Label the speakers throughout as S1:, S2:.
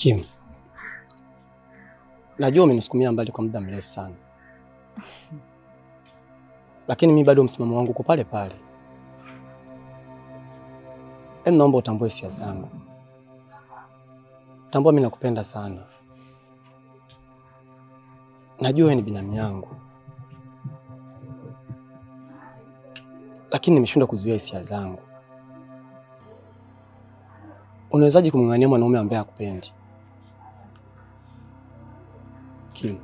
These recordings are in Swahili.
S1: Kim, najua umenisukumia mbali kwa muda mrefu sana, lakini mi bado msimamo wangu uko pale pale. Em, naomba utambue hisia zangu, tambua mi nakupenda sana. Najua wewe ni binamu yangu, lakini nimeshindwa kuzuia hisia zangu. Unawezaje kumng'ang'ania mwanaume ambaye hakupendi? akili.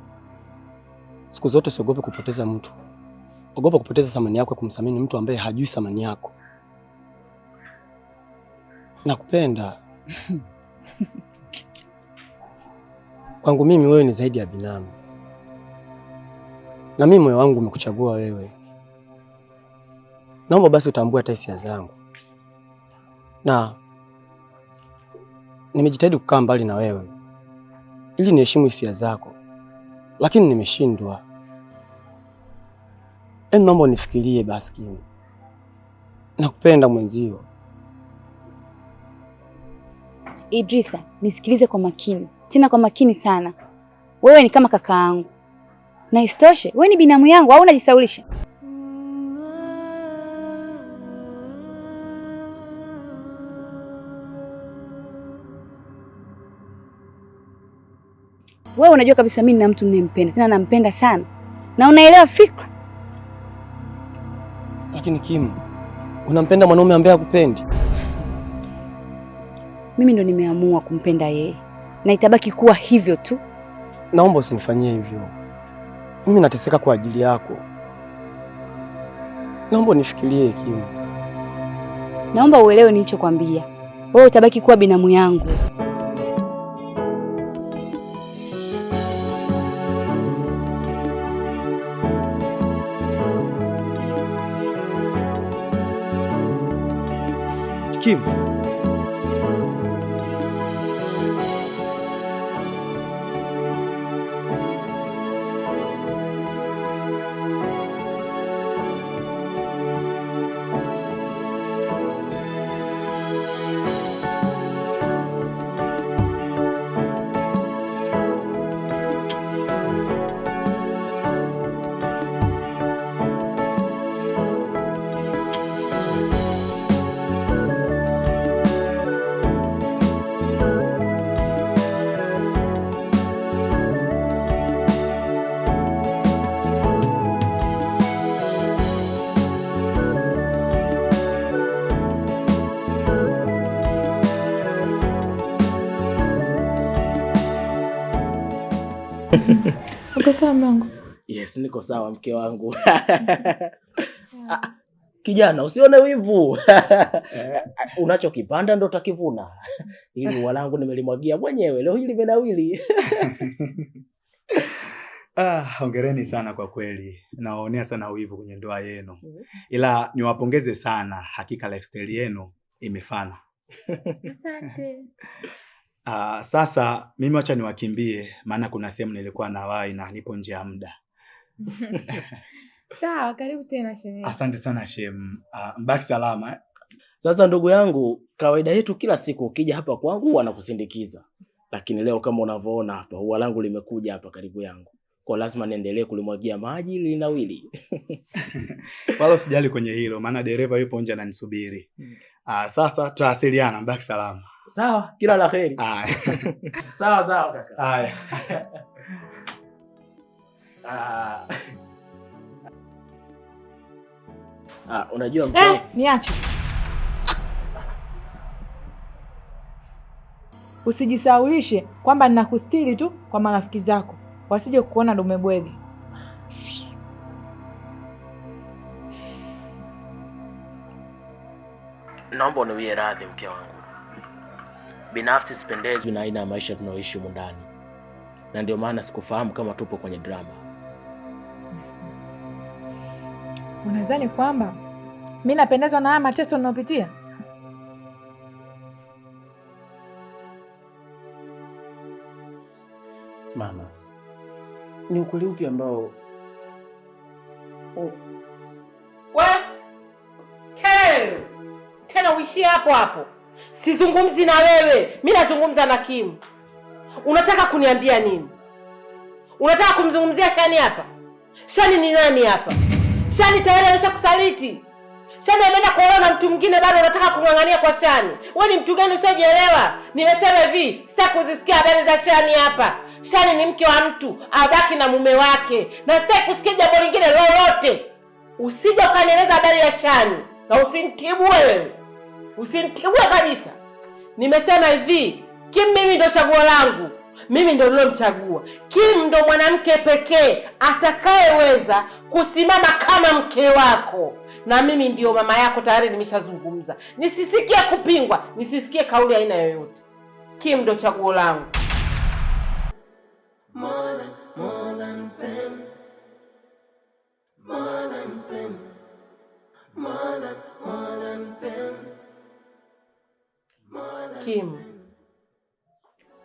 S1: Siku zote usiogope kupoteza mtu, ogopa kupoteza thamani yako ya kumthamini mtu ambaye hajui thamani yako. Nakupenda. Kwangu mimi wewe ni zaidi ya binamu, na mimi moyo wangu umekuchagua wewe. Naomba basi utambue hata hisia zangu, na nimejitahidi kukaa mbali na wewe ili niheshimu hisia zako lakini nimeshindwa. Hebu yaani naomba unifikirie basi. Kimi, nakupenda mwenzio.
S2: Idrisa, nisikilize kwa makini tena kwa makini sana. Wewe ni kama kaka yangu na isitoshe wewe ni binamu yangu, au unajisaulisha? Wewe unajua kabisa mimi nina mtu ninayempenda, tena nampenda sana, na unaelewa fikra.
S1: Lakini Kim, unampenda mwanaume ambaye hakupendi?
S2: Mimi ndo nimeamua kumpenda yeye na itabaki kuwa hivyo tu.
S1: Naomba usinifanyie hivyo, mimi nateseka kwa ajili yako. Naomba unifikirie Kim,
S2: naomba uelewe nilichokwambia. Wewe utabaki kuwa binamu yangu. Kim? Uko sawa
S3: Yes, niko sawa mke wangu. Ah, kijana, usione wivu unachokipanda ndo utakivuna. Hili walangu nimelimwagia mwenyewe, leo hili menawili.
S4: Ah, ongereni sana kwa kweli, nawaonea sana wivu kwenye ndoa yenu, ila niwapongeze sana, hakika lifestyle yenu imefana. Asante. Uh, sasa mimi wacha niwakimbie, maana kuna sehemu nilikuwa nawai na nipo nje ya muda.
S2: Sawa, karibu tena shemu.
S4: Asante sana shemu. Uh, ah, mbaki salama eh?
S3: Sasa ndugu yangu, kawaida yetu kila siku ukija hapa kwangu wanakusindikiza, lakini leo kama unavyoona hapa ua langu limekuja hapa karibu yangu kwa lazima niendelee kulimwagia maji linawili.
S4: Wala usijali kwenye hilo, maana dereva yupo nje ananisubiri. Hmm. Ah, sasa tutawasiliana, mbaki salama.
S3: Sawa, kila la heri. Sawa sawa kaka. Haya. Ah. Ah, unajua mko. Eh,
S2: niache. Usijisaulishe kwamba ninakustiri tu kwa marafiki zako wasije kuona dume bwege.
S3: Naomba uniwie radhi mke wangu, binafsi sipendezwi na aina ya maisha tunayoishi humu ndani, na ndio maana sikufahamu kama tupo kwenye drama.
S2: Unadhani kwamba mi napendezwa na haya mateso ninayopitia?
S1: Mama, ni ukweli upi ambao
S5: oh. Tena uishie hapo hapo, sizungumzi na wewe, mi nazungumza na Kim. Unataka kuniambia nini? Unataka kumzungumzia Shani hapa? Shani ni nani hapa? Shani tayari ameshakusaliti. Shani ameenda kuolewa na mtu mwingine, bado unataka kung'ang'ania kwa Shani? We ni mtu gani usiojielewa? Nimesema hivi, sitaki kuzisikia habari za Shani hapa. Shani ni mke wa mtu, abaki na mume wake, na sitaki kusikia jambo lingine lolote. Usije ukanieleza habari ya Shani na usinitibue wewe, usinitibue kabisa. Nimesema hivi, Kim mimi ndo chaguo langu, mimi ndo nilomchagua Kim. Ndo mwanamke pekee atakayeweza kusimama kama mke wako, na mimi ndiyo mama yako. Tayari nimeshazungumza, nisisikie kupingwa, nisisikie kauli aina yoyote. Kim ndo chaguo langu. Kim,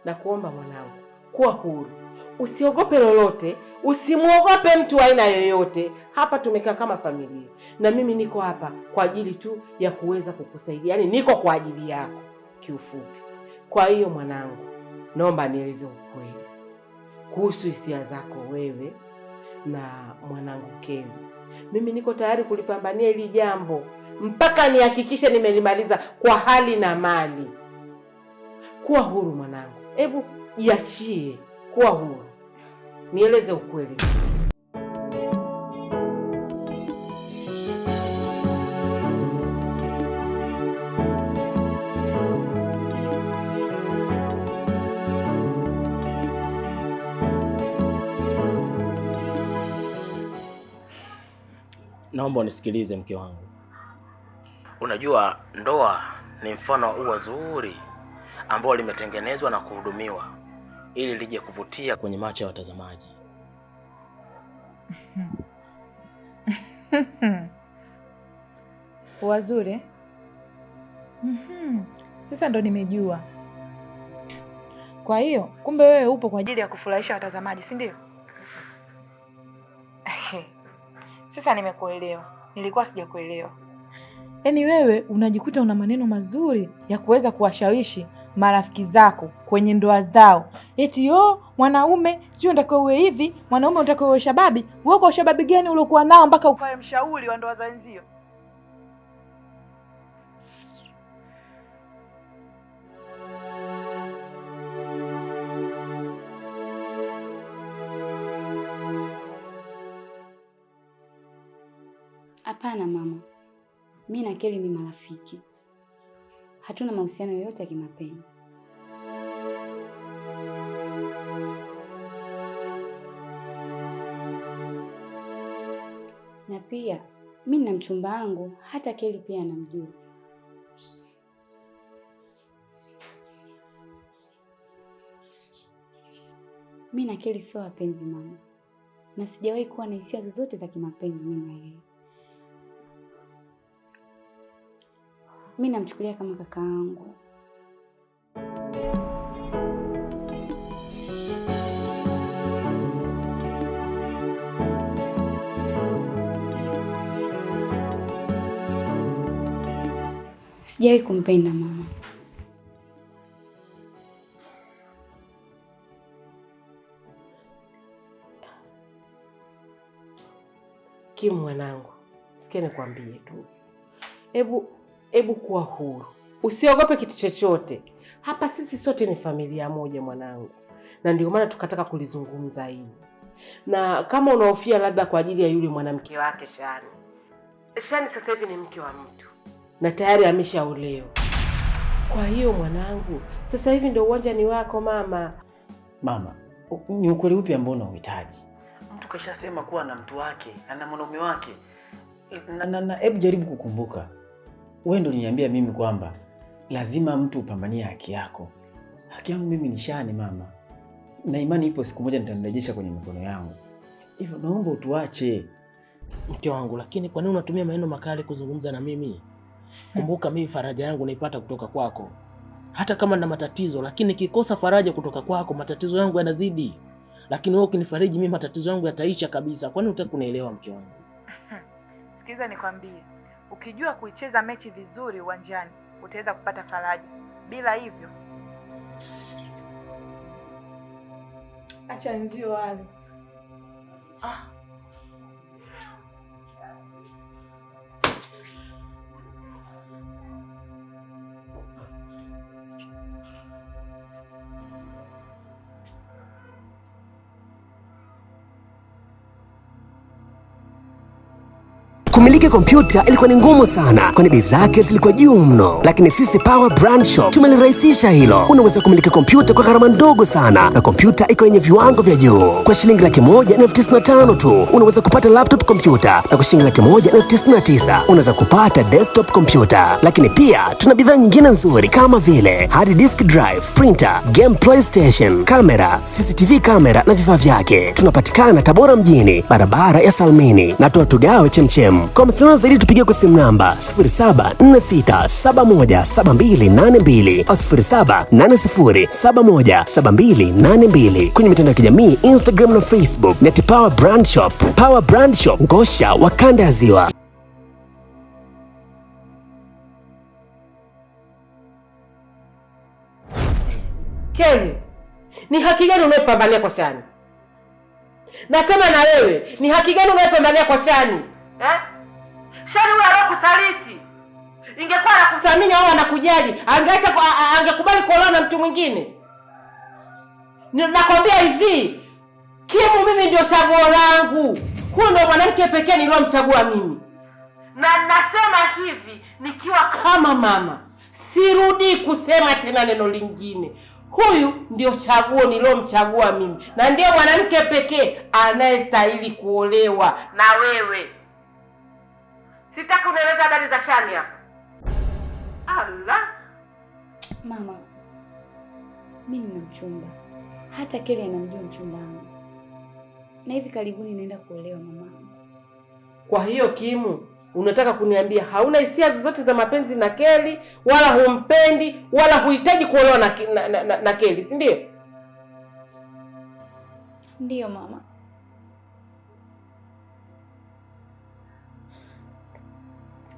S5: nakuomba mwanangu, kuwa huru, usiogope lolote, usimwogope mtu aina yoyote. Hapa tumekaa kama familia, na mimi niko hapa kwa ajili tu ya kuweza kukusaidia, yaani niko kwa ajili yako kiufupi. Kwa hiyo mwanangu, naomba nieleze ukweli kuhusu hisia zako wewe na mwanangu Keni. Mimi niko tayari kulipambania hili jambo mpaka nihakikishe nimelimaliza kwa hali na mali. Kuwa huru mwanangu, hebu jiachie, kuwa huru, nieleze ukweli.
S3: naomba unisikilize mke wangu. Unajua, ndoa ni mfano wa ua zuri ambao limetengenezwa na kuhudumiwa ili lije kuvutia kwenye macho ya watazamaji.
S2: Wazuri. zuri mhm. Sasa ndo nimejua. Kwa hiyo kumbe wewe upo kwa ajili ya kufurahisha watazamaji, si ndio? Sasa nimekuelewa, nilikuwa sijakuelewa. Yaani wewe unajikuta una maneno mazuri ya kuweza kuwashawishi marafiki zako kwenye ndoa zao, eti yo oh, mwanaume sijui unatakiwa uwe hivi, mwanaume unatakiwa uwe shababi. Wewe kwa ushababi gani uliokuwa nao mpaka ukawe mshauri wa ndoa za wenzio?
S6: Hapana mama, mi na Kelly ni marafiki, hatuna mahusiano yoyote ya kimapenzi. Na pia mi na mchumba wangu, hata Kelly pia anamjua. Mi na Kelly sio wapenzi mama, na sijawahi kuwa na hisia zozote za kimapenzi mimi na yeye. mi namchukulia kama kakaangu. Sijawahi kumpenda mama.
S5: Kim, mwanangu, sikia nikwambie tu, hebu Hebu kuwa huru, usiogope kitu chochote. Hapa sisi sote ni familia moja, mwanangu, na ndio maana tukataka kulizungumza hili. Na kama unahofia labda kwa ajili ya yule mwanamke wake Shani, Shani sasa hivi ni mke wa mtu na tayari ameshaolewa. Kwa hiyo mwanangu, sasa hivi ndio uwanja ni wako mama.
S1: Mama, ni ukweli upi ambao unauhitaji? Mtu kashasema kuwa na mtu wake, ana mwanaume wake. Na hebu jaribu kukumbuka wewe ndo uliniambia mimi kwamba lazima mtu upambanie haki yako. Haki yangu mimi ni shani mama, na imani ipo siku moja nitamrejesha kwenye mikono yangu, hivyo naomba utuache
S3: mke wangu. Lakini kwa nini unatumia maneno makali kuzungumza na mimi? Kumbuka mimi faraja yangu naipata kutoka kwako. Hata kama na matatizo, lakini nikikosa faraja kutoka kwako matatizo yangu yanazidi, lakini wewe ukinifariji mimi matatizo yangu yataisha kabisa. Kwani unataka kunielewa mke wangu?
S2: Sikiza nikwambie Ukijua kuicheza mechi vizuri uwanjani, utaweza kupata faraja. Bila hivyo, acha nzio wale. Ah.
S7: Kumiliki kompyuta ilikuwa ni ngumu sana, kwani bei zake zilikuwa juu mno, lakini sisi Power Brand Shop tumelirahisisha hilo. Unaweza kumiliki kompyuta kwa gharama ndogo sana, na kompyuta iko yenye viwango vya juu. Kwa shilingi laki moja na elfu tisini na tano tu unaweza kupata laptop kompyuta, na kwa shilingi laki moja na elfu tisini na tisa unaweza kupata desktop kompyuta. Lakini pia tuna bidhaa nyingine nzuri kama vile hard disk drive, printer, game playstation, kamera, CCTV kamera na vifaa vyake. Tunapatikana Tabora mjini, barabara ya Salmini na tuatugawe chemchem. Kwa mawasiliano zaidi tupigie kwa simu namba 0746717282 0780717282 kwenye mitandao ya kijamii Instagram na Facebook net Power Brand Shop. Power Brand Shop, ngosha wa kanda ya Ziwa.
S5: Keni, ni haki gani unayopambania kwa Shani? Nasema na wewe, ni haki gani unayopambania kwa Shani? Ha? Shani huyo alokusaliti, ingekuwa anakuthamini au anakujali, angeacha angekubali kuolewa na mtu mwingine. Nakwambia hivi Kimu, mimi ndio chaguo langu. Huyu ndio mwanamke pekee niliomchagua mimi, na nasema hivi nikiwa kama mama, sirudi kusema tena neno lingine. Huyu ndio chaguo niliomchagua mimi, na ndiyo mwanamke pekee anayestahili kuolewa na wewe. Sitaki unaeleza habari za Shania. hapa. Allah.
S6: Mama, mimi nina mchumba, hata keli anamjua mchumba wangu, na hivi karibuni naenda kuolewa mama.
S5: Kwa hiyo Kimu, unataka kuniambia hauna hisia zozote za mapenzi na Keli, wala humpendi wala huhitaji kuolewa na, na, na, na Keli, si ndio?
S6: Ndiyo mama.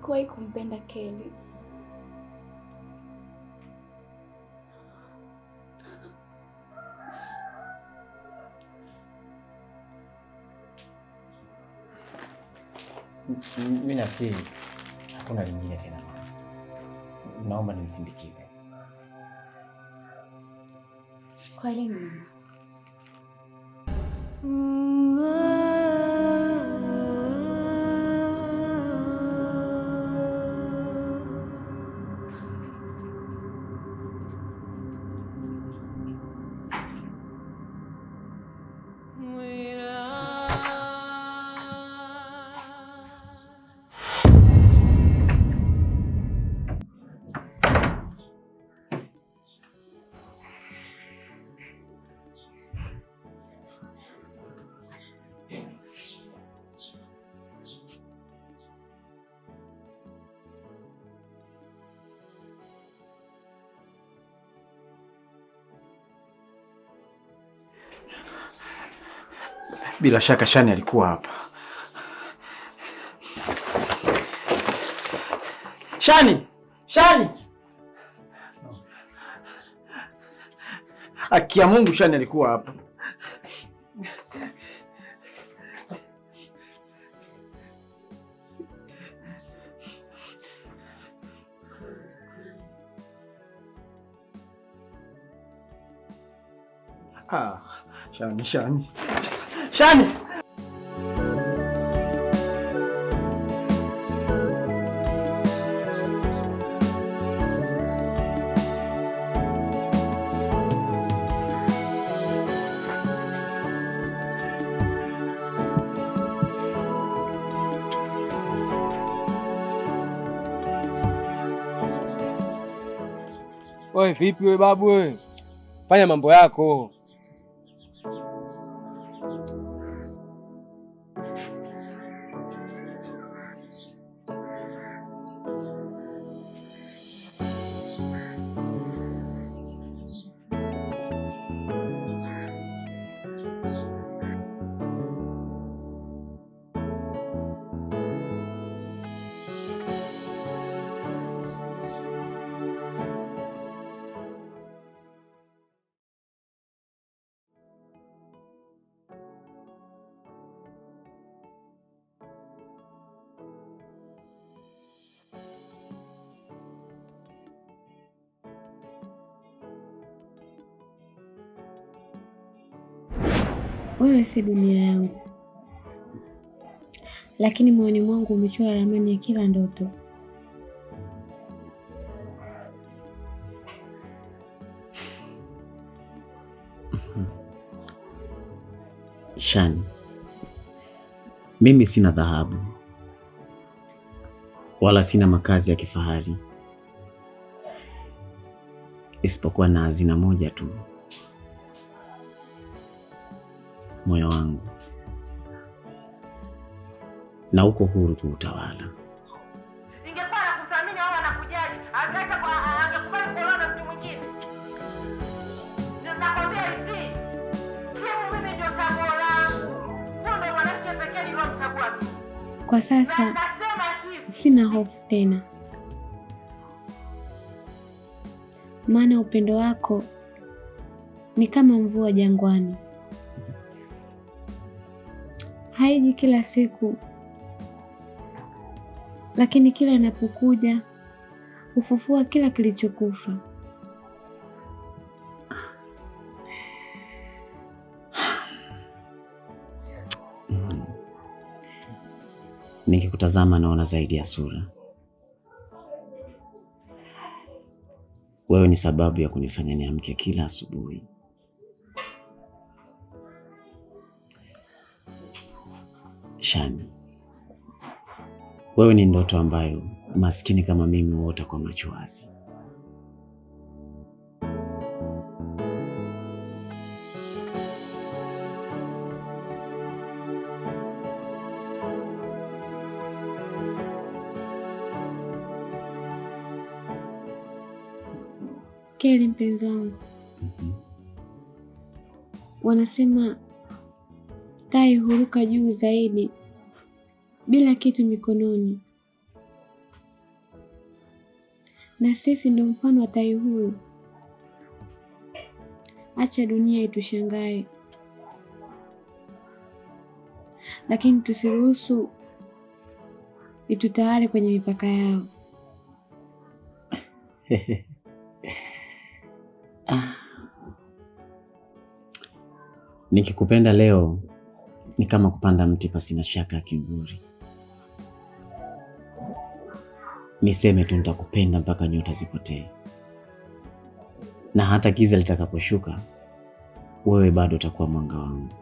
S6: sikuwahi kumpenda Kelly.
S1: Mimi nafikiri hakuna lingine tena, naomba nimsindikize.
S6: Kweli mama.
S1: Bila shaka Shani alikuwa hapa. Shani, Shani, akia Mungu, Shani alikuwa hapa. Shani, Shani. Shani. Wewe vipi we babu we Fanya mambo yako.
S6: wewe si dunia yangu, lakini moyoni mwangu umechora ramani ya kila ndoto.
S1: Shani, mimi sina dhahabu wala sina makazi ya kifahari isipokuwa na hazina moja tu. moyo wangu na uko huru kuutawala.
S5: Ingekuwa anakuthamini wala anakujali, angeacha kwa angekubali kuolewa na mtu mwingine. Nakwambia hivi, mimi ndio chaguo langu, sio mwanamke pekee mimi.
S6: Kwa sasa sina hofu tena, maana upendo wako ni kama mvua jangwani haiji kila siku, lakini kila inapokuja hufufua kila kilichokufa.
S1: Nikikutazama naona zaidi ya sura. Wewe ni sababu ya kunifanya niamke kila asubuhi. Shani, wewe ni ndoto ambayo maskini kama mimi huota kwa macho wazi.
S6: Keli, mpenzi wangu. mm -hmm. Wanasema tai huruka juu zaidi bila kitu mikononi, na sisi ndio mfano wa tai huyu. Acha dunia itushangae, lakini tusiruhusu itutawale kwenye mipaka yao.
S1: Ah. Nikikupenda leo ni kama kupanda mti pasina shaka ya kiburi. niseme tu nitakupenda mpaka nyota zipotee, na hata giza litakaposhuka, wewe bado utakuwa mwanga wangu.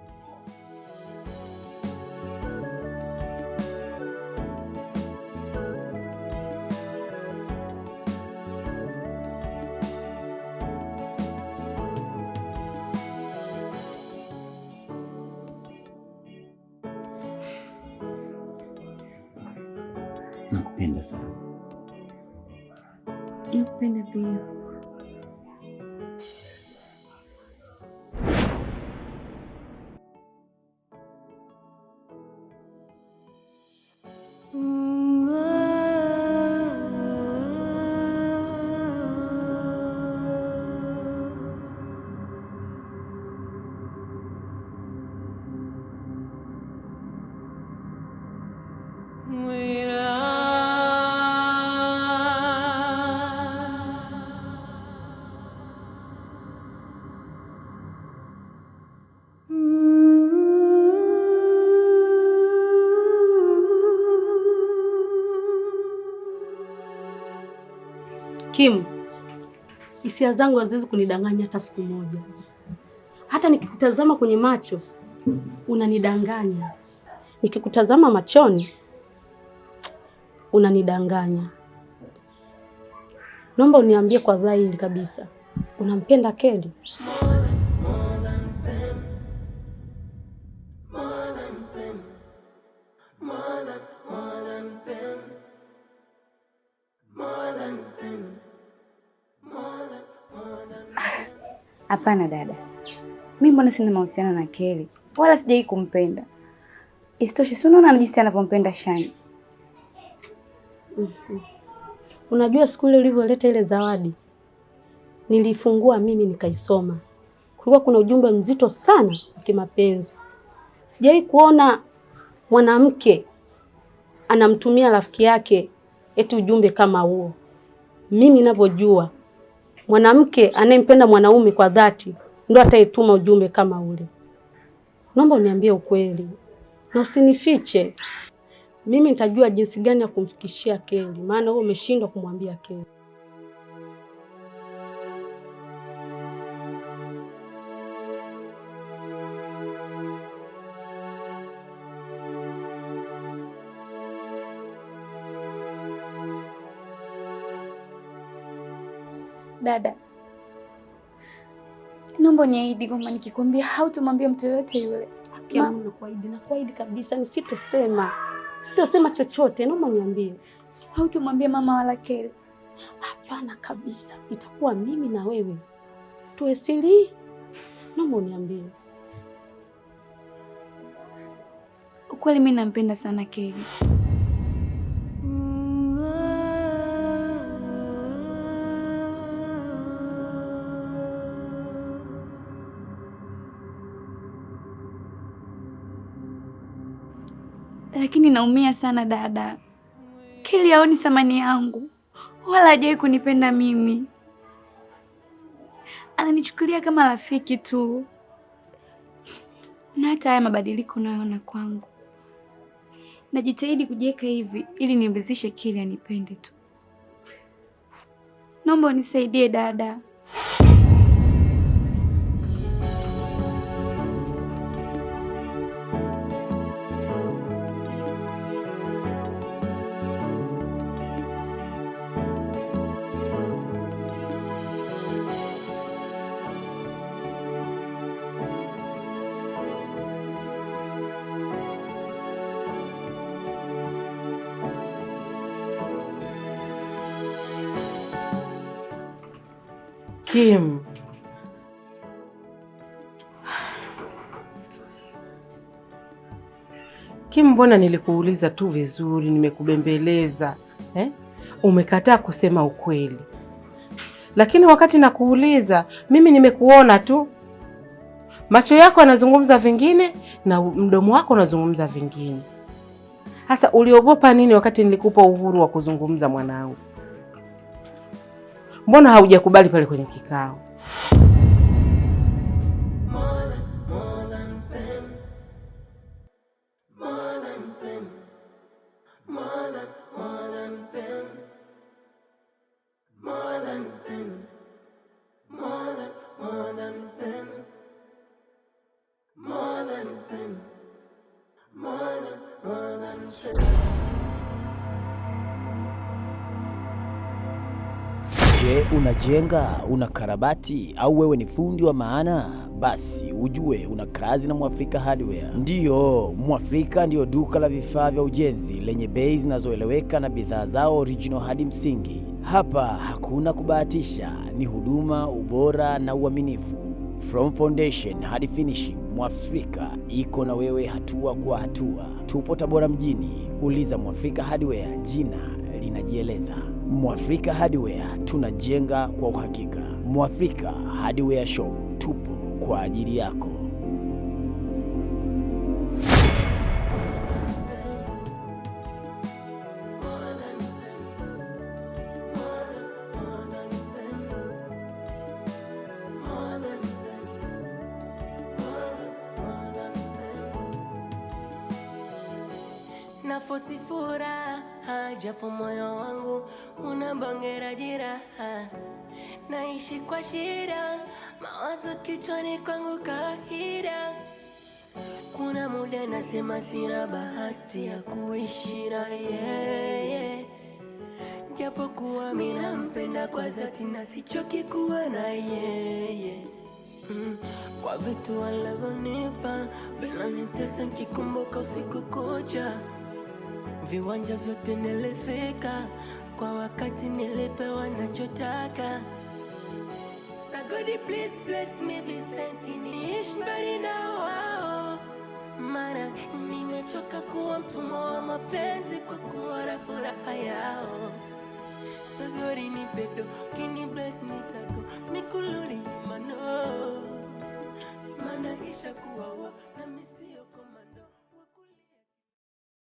S2: Kim, hisia zangu haziwezi kunidanganya hata siku moja. Hata nikikutazama kwenye macho unanidanganya, nikikutazama machoni unanidanganya. Naomba uniambie kwa dhahiri kabisa, unampenda Keli?
S6: Hapana dada, mimi mbona sina mahusiano na Keli wala sijai kumpenda. Isitoshe, si unaona jinsi anavyompenda Shani.
S2: Mm -hmm. Unajua siku ile ulivyoleta ile zawadi nilifungua mimi nikaisoma, kulikuwa kuna ujumbe mzito sana wa kimapenzi. Sijawahi kuona mwanamke anamtumia rafiki yake eti ujumbe kama huo. Mimi ninavyojua mwanamke anayempenda mwanaume kwa dhati ndo atayetuma ujumbe kama ule. Naomba uniambie ukweli na usinifiche mimi nitajua jinsi gani ya kumfikishia Keli, maana wewe umeshindwa kumwambia Keli.
S6: Dada, naomba niahidi kwamba nikikwambia hautamwambia mtu yoyote yule.
S2: Nakuahidi, nakuahidi kabisa, nisitosema Sitasema chochote, naomba niambie. Hautamwambia mama wala Keli? Hapana kabisa, itakuwa mimi na wewe tuwe siri. Naomba uniambie
S6: ukweli, mimi nampenda sana Keli. lakini naumia sana dada. Keli haoni thamani yangu wala hajai kunipenda mimi, ananichukulia kama rafiki tu, na hata haya mabadiliko unayoona kwangu, najitahidi kujiweka hivi ili nimridhishe Keli anipende tu. Naomba unisaidie dada.
S5: Kim, Kim, mbona nilikuuliza tu vizuri, nimekubembeleza eh? Umekataa kusema ukweli, lakini wakati nakuuliza mimi nimekuona tu, macho yako yanazungumza vingine na mdomo wako unazungumza vingine. Sasa uliogopa nini wakati nilikupa uhuru wa kuzungumza mwanangu? mbona haujakubali pale kwenye kikao?
S7: unajenga, karabati au wewe ni fundi wa maana, basi ujue una kazi na Mwafrika Hardware. Ndiyo, Mwafrika ndiyo duka la vifaa vya ujenzi lenye bei zinazoeleweka na, na bidhaa zao original hadi msingi. Hapa hakuna kubahatisha, ni huduma, ubora na uaminifu. From foundation hadi finishing, Mwafrika iko na wewe hatua kwa hatua. Tupo Tabora mjini, uliza Mwafrika Hardware, jina linajieleza. Mwafrika Hardware tunajenga kwa uhakika. Mwafrika Hardware Shop tupo kwa ajili yako. naishi kwa shida, mawazo kichwani kwangu kahira Kuna muda nasema sina bahati ya kuishi na yeye, japo kuwa mimi nampenda kwa dhati na sichoki kuwa na yeye mm. Kwa vitu alivyonipa vinanitesa, nikikumbuka usiku kucha, viwanja vyote nilifika kwa wakati nilipewa nachotaka please bless me Vincent, niishi mbali na wao, mara nimechoka kuwa mtumwa wa mapenzi kwa kuora furaha yao. Sagori ni bedo kini bless ni tako mikuluri ni mano, maana isha kuwa